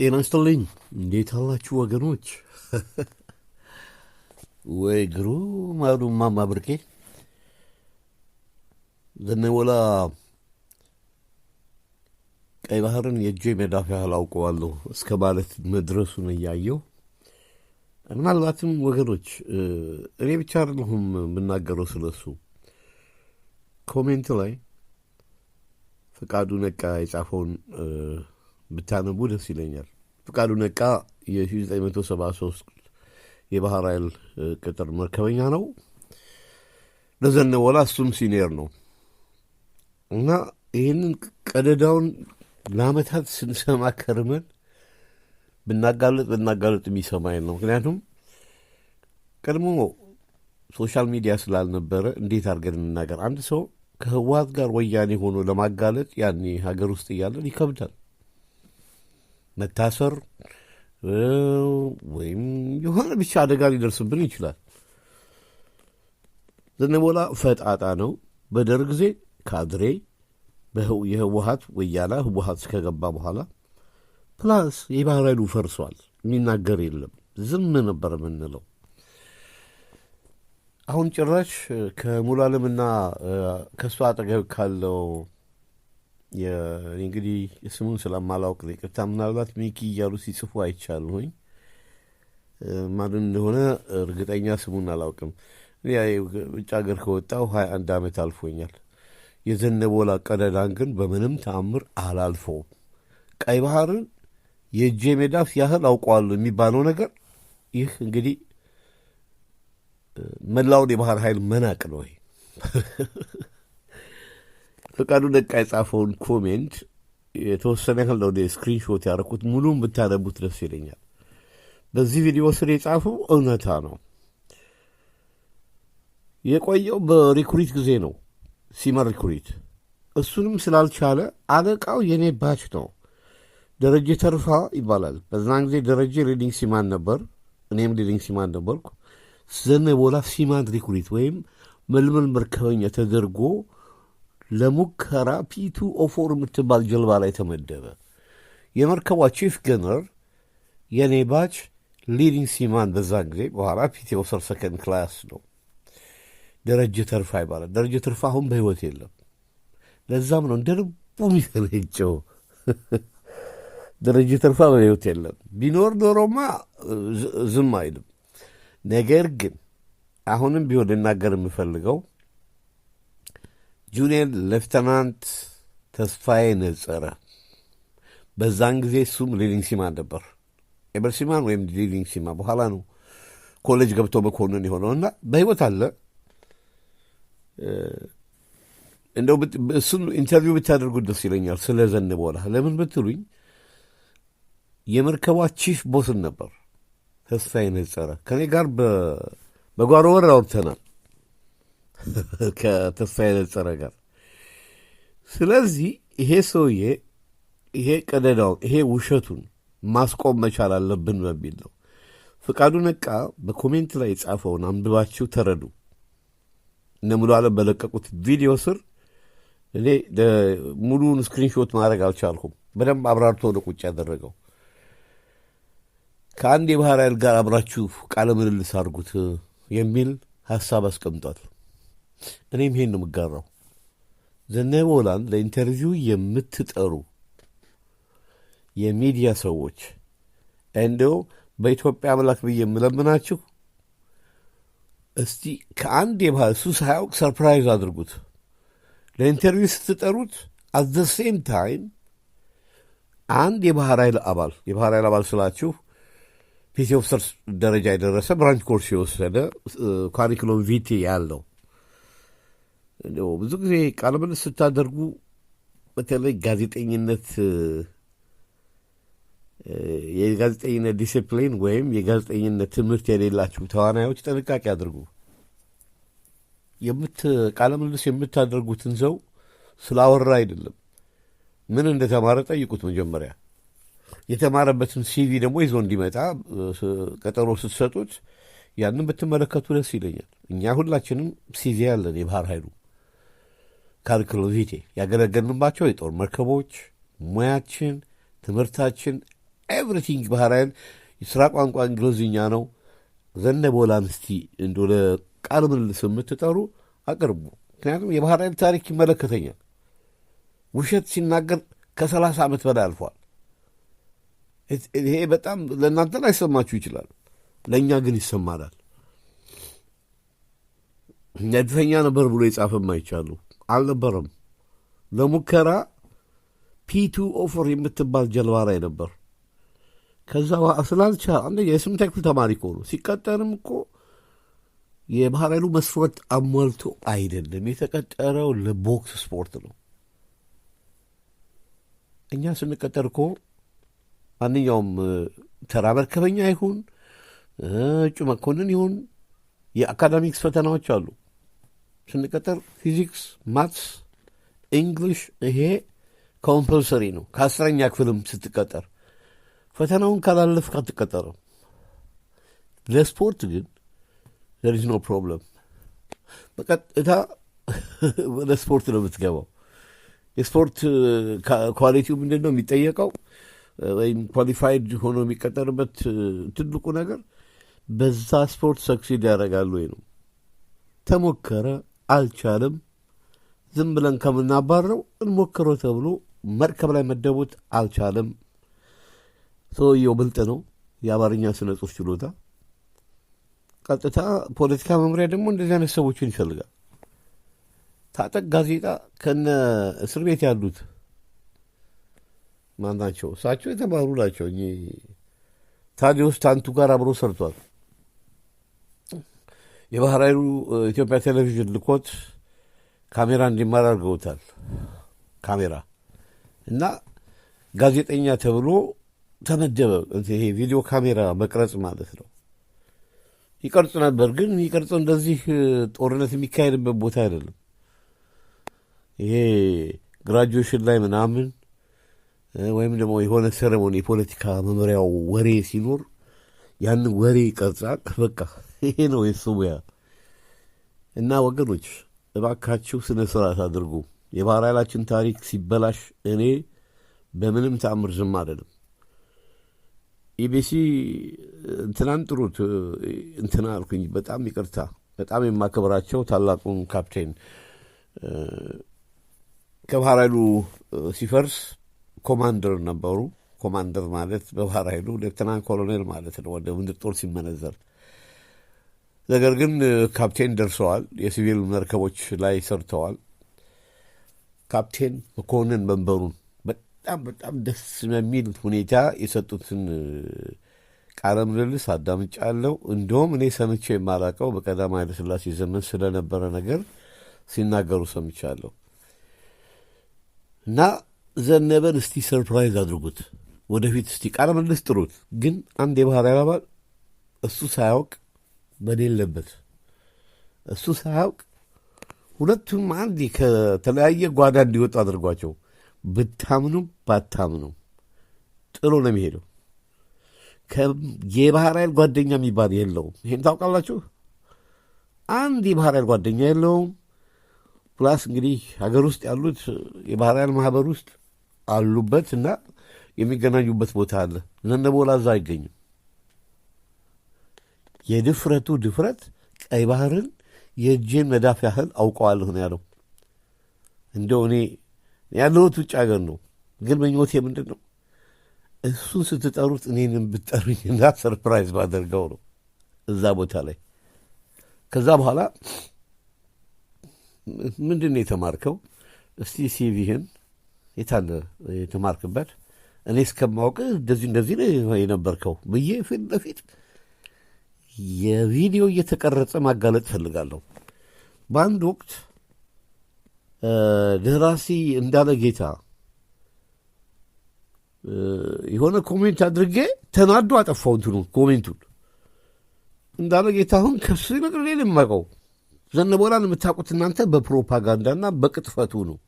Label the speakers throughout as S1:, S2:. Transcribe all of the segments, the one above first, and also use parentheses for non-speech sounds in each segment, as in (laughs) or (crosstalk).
S1: ጤና ይስጥልኝ። እንዴት አላችሁ ወገኖች? (laughs) ወይ ግሩም አሉ እማማ ብርቄ። ዘነወላ ቀይ ባህርን የእጄ መዳፍ ያህል አውቀዋለሁ እስከ ማለት መድረሱን እያየው ምናልባትም ወገኖች እኔ ብቻ አይደለሁም የምናገረው ስለሱ ኮሜንት ላይ ፈቃዱ ነቃ የጻፈውን ብታነቡ ደስ ይለኛል። ፍቃዱ ነቃ የ1973 የባህር ኃይል ቅጥር መርከበኛ ነው። ለዘነበወላ እሱም ሲኒየር ነው እና ይህንን ቀደዳውን ለአመታት ስንሰማ ከርመን ብናጋለጥ ብናጋለጥ የሚሰማኝ ነው። ምክንያቱም ቀድሞ ሶሻል ሚዲያ ስላልነበረ እንዴት አድርገን እንናገር? አንድ ሰው ከህወሓት ጋር ወያኔ ሆኖ ለማጋለጥ ያኔ ሀገር ውስጥ እያለን ይከብዳል። መታሰር ወይም የሆነ ብቻ አደጋ ሊደርስብን ይችላል። ዘነቦላ ፈጣጣ ነው። በደርግ ጊዜ ካድሬ የህወሀት ወያላ ህወሀት እስከገባ በኋላ ፕላስ የባህር ኃይሉ ፈርሷል። የሚናገር የለም። ዝም ነበር የምንለው። አሁን ጭራሽ ከሙሉዓለምና ከእሱ አጠገብ ካለው እንግዲህ ስሙን ስለማላውቅ ይቅርታ። ምናልባት ሚኪ እያሉ ሲጽፉ አይቻልሁኝ ማን እንደሆነ እርግጠኛ ስሙን አላውቅም። ውጭ ሀገር ከወጣው ሀያ አንድ ዓመት አልፎኛል። የዘነቦላ ቀደዳን ግን በምንም ተአምር አላልፈውም። ቀይ ባህርን የእጄ ሜዳፍ ያህል አውቀዋለሁ የሚባለው ነገር ይህ እንግዲህ መላውን የባህር ኃይል መናቅ ነው ይሄ (laughs) ፈቃዱ ደቃ የጻፈውን ኮሜንት የተወሰነ ያህል ነው ስክሪንሾት ያደረኩት። ሙሉም ብታነቡት ደስ ይለኛል። በዚህ ቪዲዮ ስር የጻፈው እውነታ ነው። የቆየው በሪኩሪት ጊዜ ነው። ሲመር ሪኩሪት እሱንም ስላልቻለ አለቃው የኔ ባች ነው፣ ደረጀ ተርፋ ይባላል። በዛን ጊዜ ደረጀ ሪዲንግ ሲማን ነበር፣ እኔም ሪዲንግ ሲማን ነበርኩ። ዘነ ወላፍ ሲማን ሪኩሪት ወይም መልመል መርከበኛ ተደርጎ ለሙከራ ፒቱ ኦፎር የምትባል ጀልባ ላይ ተመደበ። የመርከቧ ቺፍ ገነር የኔ ባች ሊዲንግ ሲማን በዛን ጊዜ በኋላ ፒቴ ኦፍሰር ሰከንድ ክላስ ነው። ደረጀ ተርፋ ይባላል። ደረጀ ተርፋ አሁን በህይወት የለም። ለዛም ነው እንደ ልቡ ደረጀ ተርፋ በህይወት የለም። ቢኖር ኖሮማ ዝም አይልም። ነገር ግን አሁንም ቢሆን ልናገር የምፈልገው ጁኒየር ሌፍተናንት ተስፋዬ ነጸረ በዛን ጊዜ እሱም ሊቪንግ ሲማ ነበር። ኤበርሲማን ወይም ሊቪንግ ሲማ በኋላ ነው ኮሌጅ ገብቶ መኮንን የሆነው እና በህይወት አለ። እንደው እሱን ኢንተርቪው ብታደርጉ ደስ ይለኛል፣ ስለ ዘነበ ለምን ብትሉኝ የመርከቧ ቺፍ ቦስን ነበር ተስፋዬ ነጸረ። ከኔ ጋር በጓሮ ወር አውርተናል። (laughs) ከተስፋዬ ነጸረ ጋር። ስለዚህ ይሄ ሰውዬ ይሄ ቀደዳውን ይሄ ውሸቱን ማስቆም መቻል አለብን በሚል ነው ፍቃዱ ነቃ በኮሜንት ላይ የጻፈውን አንብባችሁ ተረዱ። እነ ሙሉ አለም በለቀቁት ቪዲዮ ስር እኔ ሙሉውን ስክሪንሾት ማድረግ አልቻልኩም። በደንብ አብራርቶ ወደ ቁጭ ያደረገው። ከአንድ የባህር ኃይል ጋር አብራችሁ ቃለ ምልልስ አድርጉት የሚል ሀሳብ አስቀምጧል። እኔም ይሄን ነው የምጋራው። ዘነበወላን ለኢንተርቪው የምትጠሩ የሚዲያ ሰዎች እንዲው በኢትዮጵያ አምላክ ብዬ የምለምናችሁ እስቲ ከአንድ የባህል እሱ ሳያውቅ ሰርፕራይዝ አድርጉት። ለኢንተርቪው ስትጠሩት አት ዘ ሴም ታይም አንድ የባህር ኃይል አባል የባህር ኃይል አባል ስላችሁ ፒሲ ኦፊሰር ደረጃ የደረሰ ብራንች ኮርስ የወሰደ ካሪክሎም ቪቲ ያለው ብዙ ጊዜ ቃለ ምልልስ ስታደርጉ በተለይ ጋዜጠኝነት የጋዜጠኝነት ዲሲፕሊን ወይም የጋዜጠኝነት ትምህርት የሌላችሁ ተዋናዮች ጥንቃቄ አድርጉ። የምት ቃለ ምልልስ የምታደርጉትን ሰው ስላወራ አይደለም፣ ምን እንደተማረ ጠይቁት መጀመሪያ። የተማረበትን ሲቪ ደግሞ ይዞ እንዲመጣ ቀጠሮ ስትሰጡት ያንን ብትመለከቱ ደስ ይለኛል። እኛ ሁላችንም ሲቪ ያለን የባህር ኃይሉ ካልክሎቪቴ ያገለገልንባቸው የጦር መርከቦች፣ ሙያችን፣ ትምህርታችን፣ ኤቭሪቲንግ ባህራያን የሥራ ቋንቋ እንግሊዝኛ ነው። ዘነበወላ ምስቲ እንዶ ለቃል ምልልስ የምትጠሩ አቅርቡ። ምክንያቱም የባህር ታሪክ ይመለከተኛል። ውሸት ሲናገር ከሰላሳ ዓመት በላይ አልፏል። ይሄ በጣም ለእናንተ ላይሰማችሁ ይችላል፣ ለእኛ ግን ይሰማላል። ነድፈኛ ነበር ብሎ የጻፈም አይቻሉ አልነበረም። ለሙከራ ፒቱ ኦፈር የምትባል ጀልባ ላይ ነበር። ከዛ ስላልቻ አንደኛ የስምንት ክፍል ተማሪ እኮ ነው። ሲቀጠርም እኮ የባህር ኃይሉ መስፈርት አሟልቶ አይደለም የተቀጠረው፣ ለቦክስ ስፖርት ነው። እኛ ስንቀጠር እኮ ማንኛውም ተራ መርከበኛ ይሁን እጩ መኮንን ይሁን የአካዳሚክስ ፈተናዎች አሉ። ስንቀጠር ፊዚክስ፣ ማትስ፣ ኢንግሊሽ ይሄ ኮምፐልሰሪ ነው። ከአስረኛ ክፍልም ስትቀጠር ፈተናውን ካላለፍ አትቀጠርም። ለስፖርት ግን ዘሪዝ ኖ ፕሮብለም። በቀጥታ ወደ ስፖርት ነው የምትገባው። የስፖርት ኳሊቲው ምንድን ነው የሚጠየቀው ወይም ኳሊፋይድ ሆኖ የሚቀጠርበት ትልቁ ነገር በዛ ስፖርት ሰክሲድ ያደርጋሉ ወይ ነው። ተሞከረ አልቻልም፣ ዝም ብለን ከምናባረው እንሞክረው ተብሎ መርከብ ላይ መደቡት። አልቻለም። ሰውየው ብልጥ ነው፣ የአማርኛ ስነ ጽሁፍ ችሎታ። ቀጥታ ፖለቲካ መምሪያ ደግሞ እንደዚህ አይነት ሰዎችን ይፈልጋል። ታጠቅ ጋዜጣ ከነ እስር ቤት ያሉት ማን ናቸው? እሳቸው የተማሩ ናቸው። ታዲዮስ ታንቱ ጋር አብሮ ሰርቷል። የባህር ኃይሉ ኢትዮጵያ ቴሌቪዥን ልኮት ካሜራ እንዲማር አድርገውታል። ካሜራ እና ጋዜጠኛ ተብሎ ተመደበ። ይሄ ቪዲዮ ካሜራ መቅረጽ ማለት ነው። ይቀርጽ ነበር፣ ግን ይቀርጸው እንደዚህ ጦርነት የሚካሄድበት ቦታ አይደለም። ይሄ ግራጁዌሽን ላይ ምናምን ወይም ደግሞ የሆነ ሴሬሞኒ የፖለቲካ መምሪያው ወሬ ሲኖር ያንን ወሬ ይቀርጻል። በቃ ይሄ ነው የሱ ሙያ እና ወገኖች እባካችሁ ስነ ስርዓት አድርጉ። የባህር ኃይላችን ታሪክ ሲበላሽ እኔ በምንም ተአምር ዝም አይደለም። ኢቢሲ እንትናን ጥሩት እንትና አልኩኝ። በጣም ይቅርታ፣ በጣም የማከብራቸው ታላቁን ካፕቴን ከባህር ኃይሉ ሲፈርስ ኮማንደር ነበሩ። ኮማንደር ማለት በባህር ኃይሉ ሌፍተናንት ኮሎኔል ማለት ነው፣ ወደ ምድር ጦር ሲመነዘር ነገር ግን ካፕቴን ደርሰዋል። የሲቪል መርከቦች ላይ ሰርተዋል። ካፕቴን መኮንን መንበሩን በጣም በጣም ደስ በሚል ሁኔታ የሰጡትን ቃለ ምልልስ አዳምጫለሁ። እንዲሁም እኔ ሰምቼ የማላቀው በቀዳማዊ ኃይለሥላሴ ዘመን ስለነበረ ነገር ሲናገሩ ሰምቻለሁ እና ዘነበን እስቲ ሰርፕራይዝ አድርጉት፣ ወደፊት እስቲ ቃለ ምልልስ ጥሩት። ግን አንድ የባህር አባል እሱ ሳያውቅ በሌለበት እሱ ሳያውቅ ሁለቱም አንድ ከተለያየ ጓዳ እንዲወጡ አድርጓቸው ብታምኑም ባታምኑም ጥሎ ነው የሚሄደው። የባህር ኃይል ጓደኛ የሚባል የለውም። ይሄን ታውቃላችሁ። አንድ የባህር ኃይል ጓደኛ የለውም። ፕላስ እንግዲህ ሀገር ውስጥ ያሉት የባህር ኃይል ማህበር ውስጥ አሉበት እና የሚገናኙበት ቦታ አለ። ዘነበወላ እዛ አይገኝም። የድፍረቱ ድፍረት ቀይ ባህርን የእጄን መዳፍ ያህል አውቀዋለሁ ነው ያለው። እንደው እኔ ያለሁት ውጭ ሀገር ነው፣ ግን ምኞቴ ምንድን ነው? እሱን ስትጠሩት እኔንም ብትጠሩኝና (laughs) ሰርፕራይዝ ባደርገው ነው እዛ ቦታ ላይ። ከዛ በኋላ ምንድን ነው የተማርከው? እስቲ ሲቪህን የታለ የተማርክበት? እኔ እስከማውቅ እንደዚህ እንደዚህ ነው የነበርከው ብዬ ፊት ለፊት የቪዲዮ እየተቀረጸ ማጋለጥ እፈልጋለሁ። በአንድ ወቅት ደራሲ እንዳለ ጌታ የሆነ ኮሜንት አድርጌ ተናዶ አጠፋው እንትኑ ኮሜንቱን። እንዳለ ጌታ አሁን ከሱ ይበቅር ሌል የማውቀው ዘነበላን የምታውቁት እናንተ በፕሮፓጋንዳና በቅጥፈቱ ነው።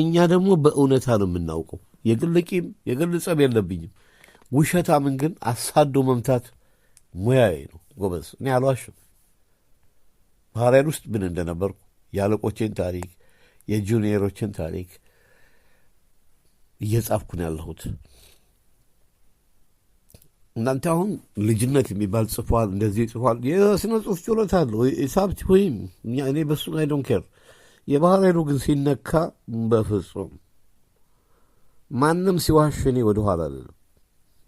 S1: እኛ ደግሞ በእውነታ ነው የምናውቀው። የግል ቂም የግል ጸብ የለብኝም። ውሸታምን ግን አሳዶ መምታት ሙያዬ ነው ጎበዝ። እኔ አልዋሽም። ባህሪያን ውስጥ ምን እንደነበርኩ የአለቆቼን ታሪክ የጁኒየሮችን ታሪክ እየጻፍኩ ነው ያለሁት። እናንተ አሁን ልጅነት የሚባል ጽፏል፣ እንደዚህ ጽፏል። የስነ ጽሁፍ ችሎታ አለሁ ሳብት ወይም እኔ በሱ አይ ዶን ኬር። የባህር ኃይሉ ግን ሲነካ በፍጹም ማንም ሲዋሽ እኔ ወደኋላ አለም።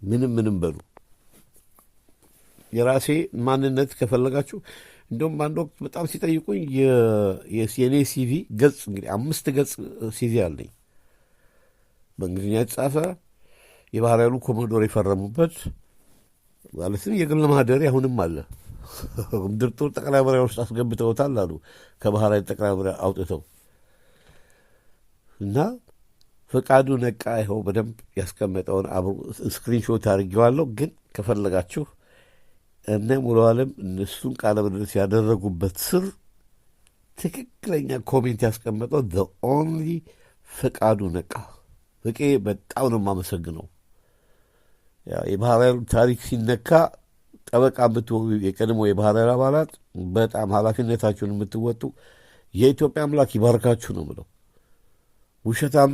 S1: ምንም ምንም በሉ የራሴ ማንነት ከፈለጋችሁ እንዲሁም በአንድ ወቅት በጣም ሲጠይቁኝ የኔ ሲቪ ገጽ እንግዲህ አምስት ገጽ ሲቪ አለኝ። በእንግሊዝኛ የተጻፈ የባህር ኃይሉ ኮሞዶር የፈረሙበት ማለትም የግል ማህደሬ አሁንም አለ። ምድር (laughs) ጦር ጠቅላይ መምሪያ ውስጥ አስገብተውታል አሉ ከባህር ኃይል ጠቅላይ መምሪያ አውጥተው እና ፈቃዱ ነቃ ይኸው በደንብ ያስቀመጠውን አብሮ ስክሪንሾት አድርጌዋለሁ። ግን ከፈለጋችሁ እነ ሙሉ አለም እነሱን ቃለ ምልልስ ያደረጉበት ስር ትክክለኛ ኮሜንት ያስቀመጠው ዘ ኦንሊ ፈቃዱ ነቃ ፍቄ በጣም ነው የማመሰግነው። የባህር ኃይሉ ታሪክ ሲነካ ጠበቃ የምትሆኑ የቀድሞ የባህር ኃይል አባላት በጣም ኃላፊነታችሁን የምትወጡ የኢትዮጵያ አምላክ ይባርካችሁ ነው ምለው። ውሸታም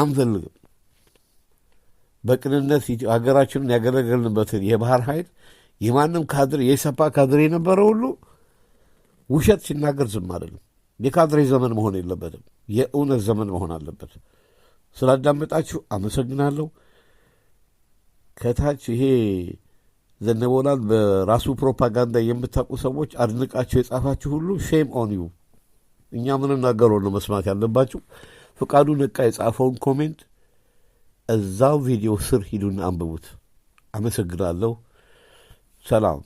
S1: አንፈልግም። በቅንነት ሀገራችንን ያገለገልንበትን የባህር ኃይል የማንም ካድሬ የሰፓ ካድሬ የነበረ ሁሉ ውሸት ሲናገር ዝም አይደለም። የካድሬ ዘመን መሆን የለበትም። የእውነት ዘመን መሆን አለበት። ስላዳመጣችሁ አመሰግናለሁ። ከታች ይሄ ዘነበውላል በራሱ ፕሮፓጋንዳ የምታውቁ ሰዎች አድንቃችሁ የጻፋችሁ ሁሉ ሼም ኦን ዩ። እኛ እናገረው ነው መስማት ያለባችሁ። ፍቃዱ ነቃ የጻፈውን ኮሜንት እዛው ቪዲዮ ስር ሂዱና አንብቡት። አመሰግናለሁ። ሰላም